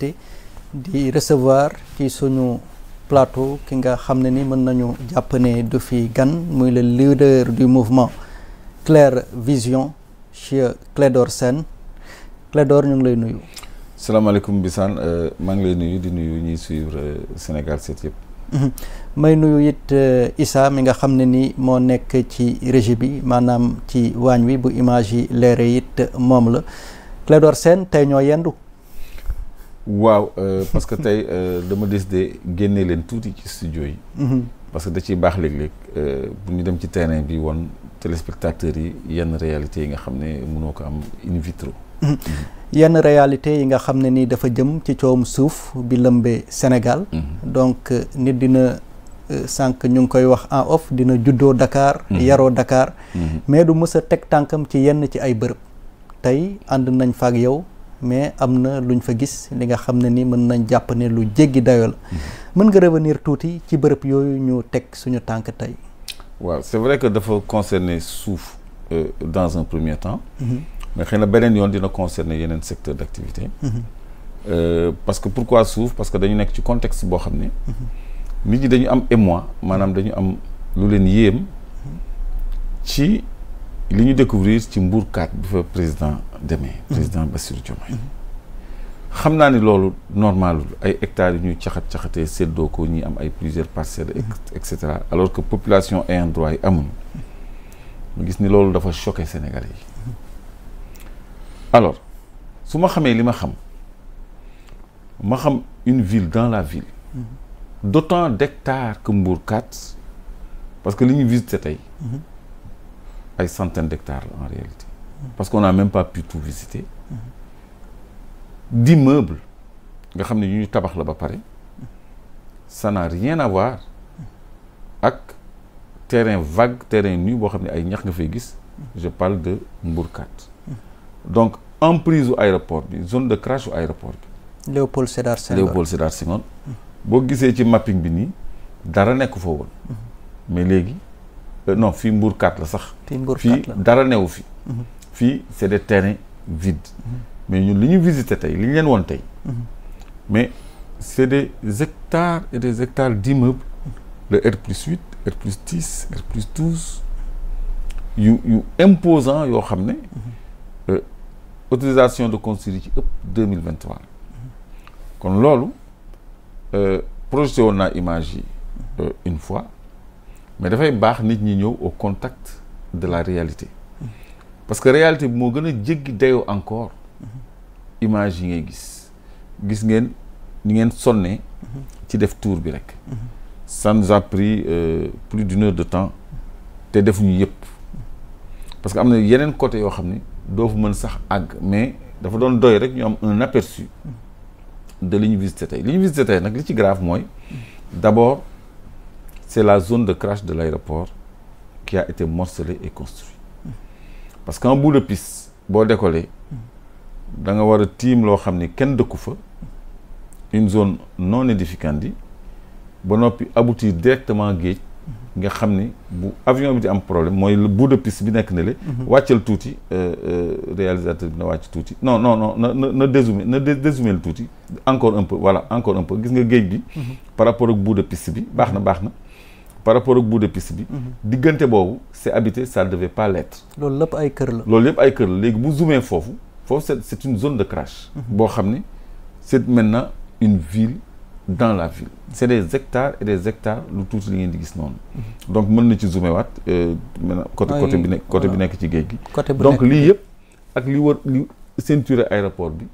mbégte di recevoir ci suñu plateau ki nga xam ne ni mën nañu jàpp ne du fi gan muy le leader du mouvement Claire Vision door Clédor Sène door ñu ngi lay nuyu. salaamaaleykum Bisaan euh, maa ngi lay nuyu di nuyu ñuy suivre euh, Sénégal 7 yëpp. Mhm. may nuyu it euh, Issa mi nga xam ne ni moo nekk ci régie bi maanaam ci waañ wi bu image yi leere it moom la Clédor Sène tey ñoo yendu. waaw euh, parce que tey euh, dama de génne leen tuuti ci studio yi. Mhm. parce que da ciy baax léeg-léeg euh, bu ñu dem ci terrain bi woon téléspectateurs yi yenn réalités yi nga xam ne mënoo ko am in vitro. Mhm. Mhm. yenn réalité yi nga xam ne ni dafa jëm ci coowum suuf bi lëmbee Sénégal. donc nit dina sànq ñu ngi koy wax en off dina juddoo dakaar yaroo dakaar mais du mës a teg tànkam ci yenn ci ay bërëb. tey ànd nañ fa yow. mais am na luñ fa gis li nga xam ne ni mën nañ jàpp ne lu jéggi dayo la mën nga revenir tuuti ci bërëb yooyu ñu teg suñu tànk tey waaw c'est vrai que dafa concerner suuf euh, dans un premier temps mm -hmm. beneen yoon dina concerner yeneen secteur d'activité mm -hmm. parce que pourquoi suuf parce que dañu nekk ci contexte boo xam ne mhm. nit ñi dañu am émoi maanaam dañu am lu leen yéem mhm. ci li ñu découvrir ci mbuurkat bi fa président demee mhm. président Bassirou Diomaye xam naa ni loolu normalul ay hectares yu ñuy caxat-caxatee seddoo ko ñi am ay plusieurs parcelles mhm. et cetera alors que population ayant droit yi amuñu mu gis ni loolu dafa choqué Sénégalais yi mhm. alors su ma xamee li ma xam ma xam une ville dans la ville d'autant d'hectares que Mbour 4 parce que li ñu visité tey ay centaines d'hectares en réalité parce qu'on n'a même pas pu tout visiter d'immeubles nga xam ne ñu ñu tabax la ba pare ça n'a rien à voir ak terrain vague terrain nu boo xam ne ay ñax nga fay gis je parle de Mbourkat donc emprise u aéroport bi zone de crash u aéroport bi Léopold Sédar Senghor Léopold Sédar Senghor boo gisee ci mapping bi nii dara nekk foo woon mm-hmm. mais léegi Euh, non fii mbuurkat la sax. fii mbuurkat la fii dara newu fi. Mhm. fii c'est des terrains vides. Mhm. mais ñun li ñu visité tey li ñu leen woon tey. Mhm. mais c'est des hectares et des hectares d'immeubles le R plus huit R plus dix R plus douze yu yu imposant yoo xam ne. Euh, autorisation de construire yi ci ëpp mille vingt trois kon loolu euh, projeté woon naa image yi une fois. mais dafay baax nit ñi ñëw au contact de la réalité parce que réalité bi moo gën a jéggi dayoo encore image yi ngay gis gis ngeen ni ngeen sonne ci def tour bi rek ça nous a pris euh, plus d'une heure de temps te defuñu yëpp parce que am na yeneen côté yoo xam ni doo fa mën sax àgg mais dafa doon doy rek ñu am un aperçu de li ñu visité tey li ñu visité nag li ci grave mooy d'abord c'est la zone de crash de l'aéroport qui a été morcelée et construite parce que bout de piste boo décoller da nga war a tiim loo xam ni kenn dëkku fa une zone non aedificandi ba noppi aboutir directement géej nga xam ni bu avion bi di am problème mooy bout de piste bi nekk na le wàccel tuuti euh, euh, réalisateur bi na wàcc tuuti no non non na na na dézoomer na dézoomer tuuti encore un peu voilà encore un peu gis nga géej gi par rapport ak bout piste bi baax na baax na par rapport ak bout de piste bi. Mhm. diggante boobu c'est habité ça devait pas l'être. loolu lépp ay kër la. loolu lépp ay kër la léegi bu zoomee foofu foofu c'est c'est une zone de crash. Mhm. boo xam ne c'est maintenant une ville dans la ville. c'est des hectares et des hectares lu tuuti li ngeen di gis noonu. Mhm. donc mën na ci zoomé waat euh, maintenant côté côté bi nekk côté bi nekk ci géej gi. côté donc lii yëpp ak li wër li ceinture aéroport bi.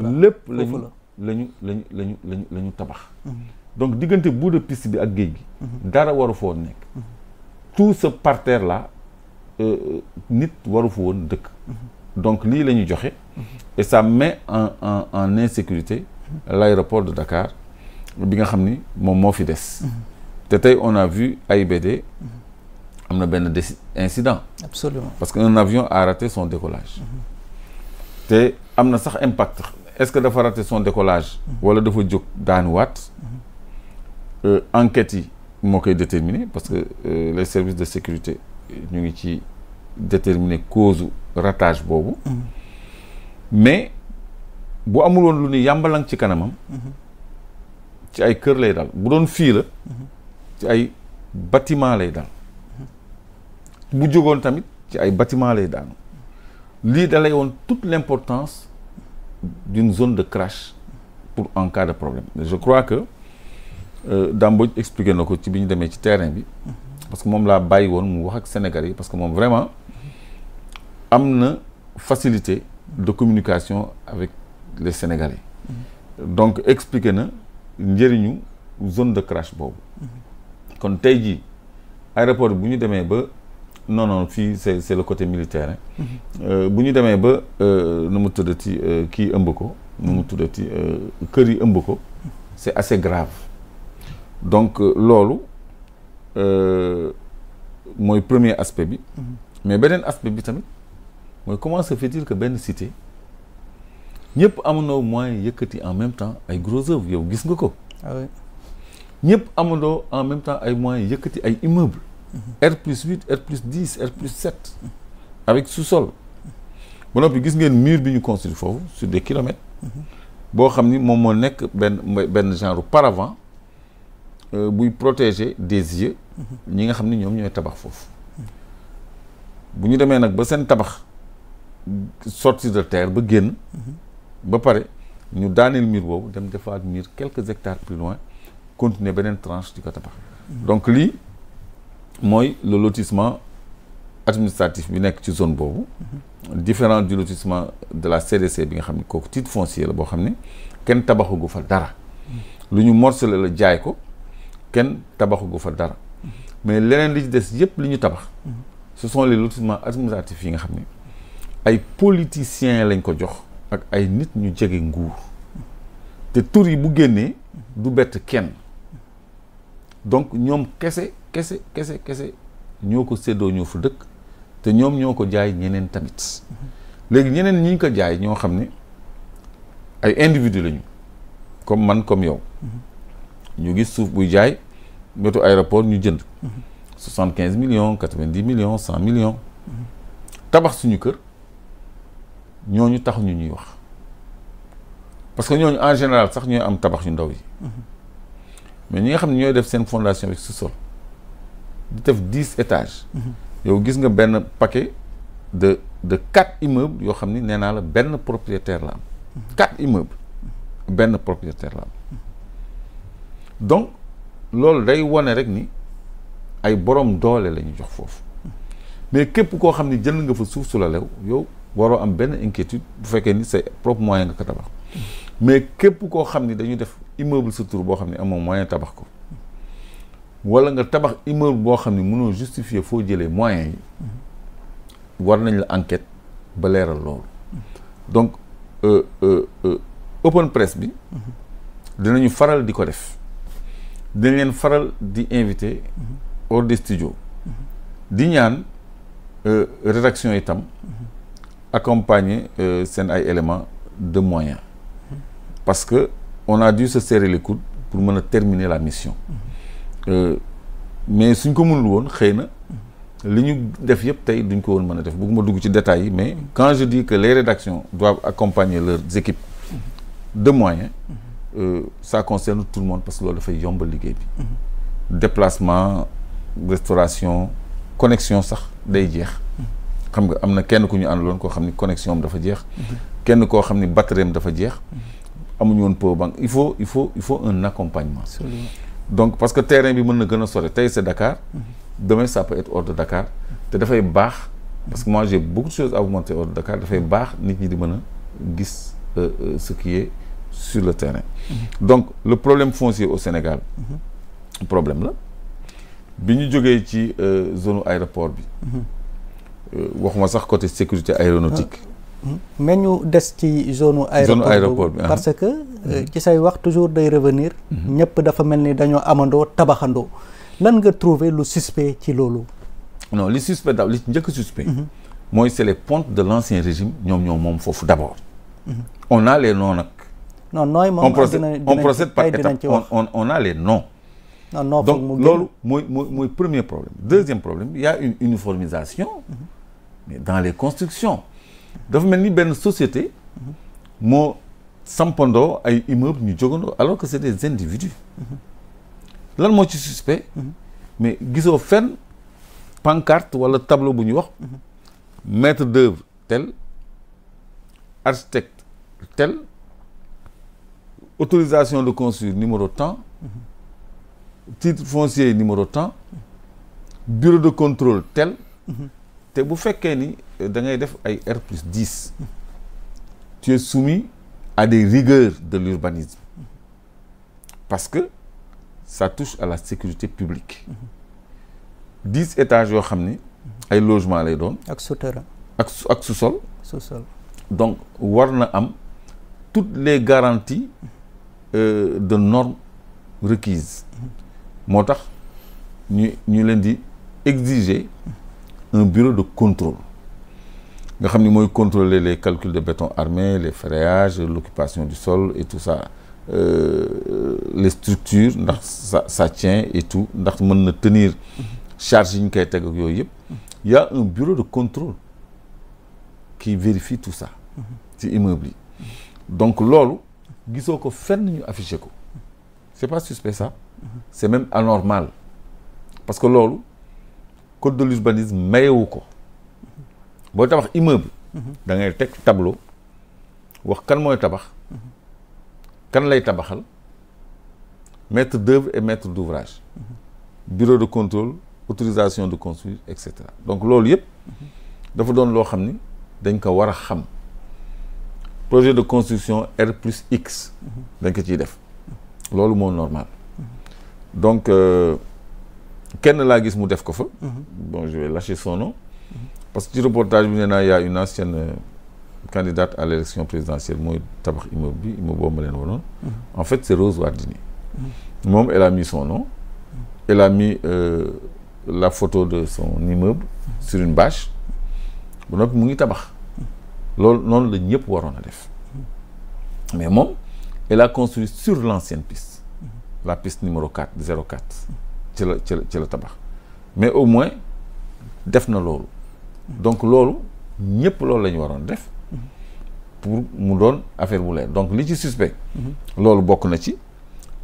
lépp lañu lañu lañu lañu lañu lañu tabax. donc diggante bout de piste bi ak géej gi. dara waru fa woon nekk. tout ce parterre la euh, euh, nit waru fa woon dëkk. donc lii la ñu joxe. et ça mais en en en insécurité. l'aéroport de Dakar bi nga xam ni moom moo fi des. te tey on a vu AIBD. am na benn incident. absolument parce que un avion a raté son décollage. te am na sax impact est-ce que dafa raté son décollage. wala dafa jóg daanuwaat. Euh, enquêtes yi moo koy déterminer parce que euh, les services de sécurité ñu ngi ci déterminer cause ratage boobu mm-hmm. mais bu amul lu ni yàmbalang ci kanamam mm-hmm. ci ay kër lay dal bu doon fii la mm-hmm. ci ay bâtiment lay dal bu jógoon tamit ci ay bâtiment lay daanu lii dalay woon tout toute l'importance d'une zone de crash pour en cas de problème je crois que Euh, Damboj expliqué na ko ci bi ñu demee ci terrain bi parce que moom laa bàyyi woon mu wax ak Sénégalais yi parce que moom vraiment am na facilité de communication avec les Sénégalais donc expliqué na njëriñu zone de crash boobu kon tey jii aéroport bu ñu demee ba non non fii c'est c'est le côté militaire euh, bu ñu demee ba euh, nu mu tuddati kii ëmb ko nu mu tuddati kër yi ëmb ko c'est assez grave donc euh, loolu euh, mooy premier aspect bi mhm. mais beneen aspect bi tamit mooy comment se fait que benn cité ñëpp amandoo moyens yëkkati en même temps ay gros yow gis nga ko ah ñëpp amandoo en même temps ay moyens yëkkati ay immeubles mhm. R plus huit R plus dix R plus sept avec sous-sol ba noppi gis ngeen mur bi ñu construit foofu sur des kilomètres mhm. boo xam ni moom moo nekk benn benn genre paravent Euh, buy protéger des yeux mhm. ñi nga xam ne ñoom ñooy tabax foofu bu ñu demee nag ba seen tabax sortie de terre ba génn mhm. ba pare ñu daaneel mur boobu dem defaat mur quelques hectares plus loin continuer beneen tranche di ko tabax mhm. donc lii mooy le lotissement administratif bi nekk ci zone boobu différent du lotissement de la CDC bi nga xam ne kooku titre foncier la boo xam ne kenn tabaxu gu fa dara lu ñu morcelé la jaay ko kenn tabaxagu fa dara mais leneen li ci des yëpp li ñu tabax ce sont les lotissements administratifs yi nga xam ne ay politiciens lañ ko jox ak ay nit ñu jege nguur te tur yi bu génnee du bett kenn donc ñoom kese kese kese kese ñoo ko séddoo ñoo fu dëkk te ñoom ñoo ko jaay ñeneen tamit léegi ñeneen ñi ko jaay ñoo xam ne ay individu lañu comme man comme yow ñu gis suuf buy jaay wetu aéroport ñu jënd soixante quinze millions quatre vingt dix millions cent millions tabax suñu kër ñooñu taxuñu ñuy wax parce que ñooñu en général sax ñooy am tabax yu ndaw yi mais ñi nga xam ne ñooy def seen fondation avec sous-sol di def dix étages yow gis nga benn paquet de de quatre immeubles yoo xam ni nee naa la benn propriétaire la am quatre immeubles benn propriétaire la am donc loolu day wane rek ni ay borom doole la ñu jox foofu mais képp koo xam ne jël nga fa suuf su lew yow waroo am benn inquiétude bu fekkee ni say propre moyen nga ko tabax mais képp koo xam ni dañu def immeuble sa tour boo xam ne amoo moyen tabax ko wala nga tabax immeuble boo xam ne munoo justifier foo jëlee moyen yi war nañ la enquête ba leeral loolu donc euh, euh, euh, open press bi dinañu faral di ko def dañ leen faral di invité mm-hmm. hors des studios mm-hmm. di ñaan euh, rédaction itam mm-hmm. accompagner euh, seen ay éléments de moyens parce que on a dû se serrer les pour mën a terminer la mission euh, mais suñ ko mënul woon xëy na li ñu def yëpp tey duñ ko woon mën a def bëgguma dugg ci détails yi mais quand je dis que les rédactions doivent accompagner leurs équipes de moyens Euh, ça concerne tout le monde parce que loolu dafay yombal liggéey bi déplacement restauration connexion sax day jeex xam nga am na kenn ku ñu àndaloon koo xam ni connexion am dafa jeex kenn koo xam ni batterie am dafa jeex amuñu woon power bank il faut il faut il faut un accompagnement Absolument. donc parce que terrain bi mën na gën a sore tey c'est Dakar mhm. demain ça peut être hors de Dakar te dafay baax parce que moi j'ai beaucoup de choses à de Dakar dafay baax nit ñi di mën a gis euh, euh, ce sur le terrain. donc le problème foncier au Sénégal. problème la bi ñu jógee ci euh, zone aéroport bi. Euh, waxuma sax côté sécurité aéronautique. Ah. Hmm. mais ñu des ci zone aéroport bi ah. parce que euh, hmm. ci say wax toujours day revenir hmm. ñëpp dafa mel ni dañoo amandoo tabaxandoo lan nga trouver lu suspect ci loolu non li suspect daaw li njëkk suspect mooy c'est les pontes de l'ancien régime ñoom ñoom moom foofu d'abord on a les noms nag non nooy moom on procède on procède on on a les noms. non donc loolu mooy mooy mooy premier problème deuxième problème il y a une uniformisation. dans les constructions. dafa mel ni benn société. moo sampandoo ay immeubles ñu jógandoo alors que c'est des individus. lan moo ci suspect. mais gisoo fenn pancarte wala tableau bu ñu wax. maître d'œuvre tel architecte tel. autorisation de construire numéro temps titre foncier numéro temps bureau de contrôle tel te bu fekkee ni euh, da ngay def ay R plus dix tu soumis à des rigueurs de l'urbanisme parce que ça touche à la sécurité publique dix étages yoo xam ni ay logements lay doon ak souterrain ak ak sous-sol sous-sol donc war na am toutes les garanties Euh, de normes requises moo tax ñu ñu leen di exiger un bureau de contrôle nga xam ni mooy contrôler les calculs de béton armé les ferayages l'occupation du sol et tout ça euh, les structures ndax sa ça tient et tout ndax mën na tenir charge yi ñu koy teg ak yooyu yëpp y a un bureau de contrôle qui vérifie tout ça ci immeuble yi donc loolu gisoo ko fenn ñu affiché ko c'est pas suspect ça c'est même anormal parce que loolu code de l'urbanisme mayewu ko boo tabax immeuble da ngay teg tableau wax kan mooy tabax kan lay tabaxal maître d'œuvre et maître d'ouvrage bureau de contrôle autorisation de construire et cetera donc loolu yëpp dafa doon loo xam ni dañ ko war a xam projet de construction R plus X. dañ ko ciy def loolu moom normal donc euh, kenn laa gis mu def ko fa. bon je vais lâcher son nom. parce que ci reportage bi nee naa y a une ancienne euh, candidate à l'élection présidentielle mooy tabax immeuble bi immeuble boobu ma leen woonoon. en fait c'est Rose Wardini. moom elle a mis son nom. elle a mis euh, la photo de son immeuble. sur une bâche. ba noppi mu ngi tabax. loolu noonu la ñëpp waroon a def mais moom elle la construit sur l'ancienne piste la piste numéro 4 04 ci la ci la ci la tabax mais au moins def na loolu donc loolu ñëpp loolu la ñu waroon def pour mu doon affaire bu donc li ci suspect loolu bokk na ci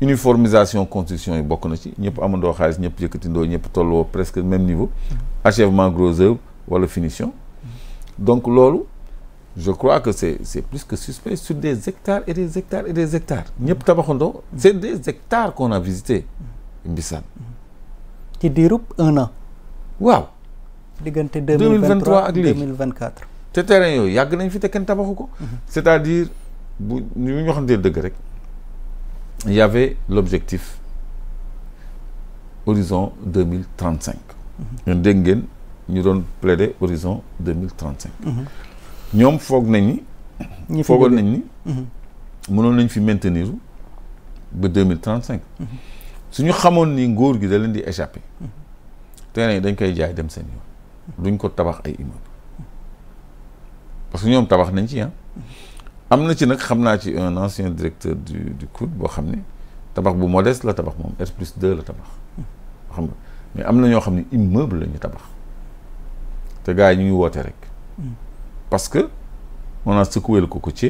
uniformisation construction yi bokk na ci ñëpp amandoo xaalis ñëpp yëkkatindoo ñëpp tolloo presque même niveau achèvement gros œuvre wala finition donc loolu je crois que c'est plus que suspect sur des hectares et des hectares et des hectares ñëpp tabaxandoo c'est des hectares qu'on a visité Mbissane ci diirub un an waaw diggante 2023 ak léegi 2024 te terrain yooyu yàgg nañ fi te kenn tabaxu ko mhm. c'est-à-dire bu ñu ñu waxantee dëgg rek il y avait l'objectif horizon 2035 mhm. ñun dégg ngeen ñu doon plaider horizon 2035 ñoom foog nañ ni foogoon nañ ni mhm. mënoon nañ fi maintenir ba deux mille trente cinq mhm. suñu xamoon ni nguur gi da leen di échappe mhm. terrain yi dañ koy jaay dem seen yoon duñ ko tabax ay immeuble parce que ñoom tabax nañ ci ah am na ci nag xam naa ci un ancien directeur du du boo xam ne tabax bu modeste la tabax moom R plus 2 la tabax xam nga mais am na ñoo xam ne immeuble la ñu tabax te gars yi ñu ngi woote rek parce que on a ko le cocotier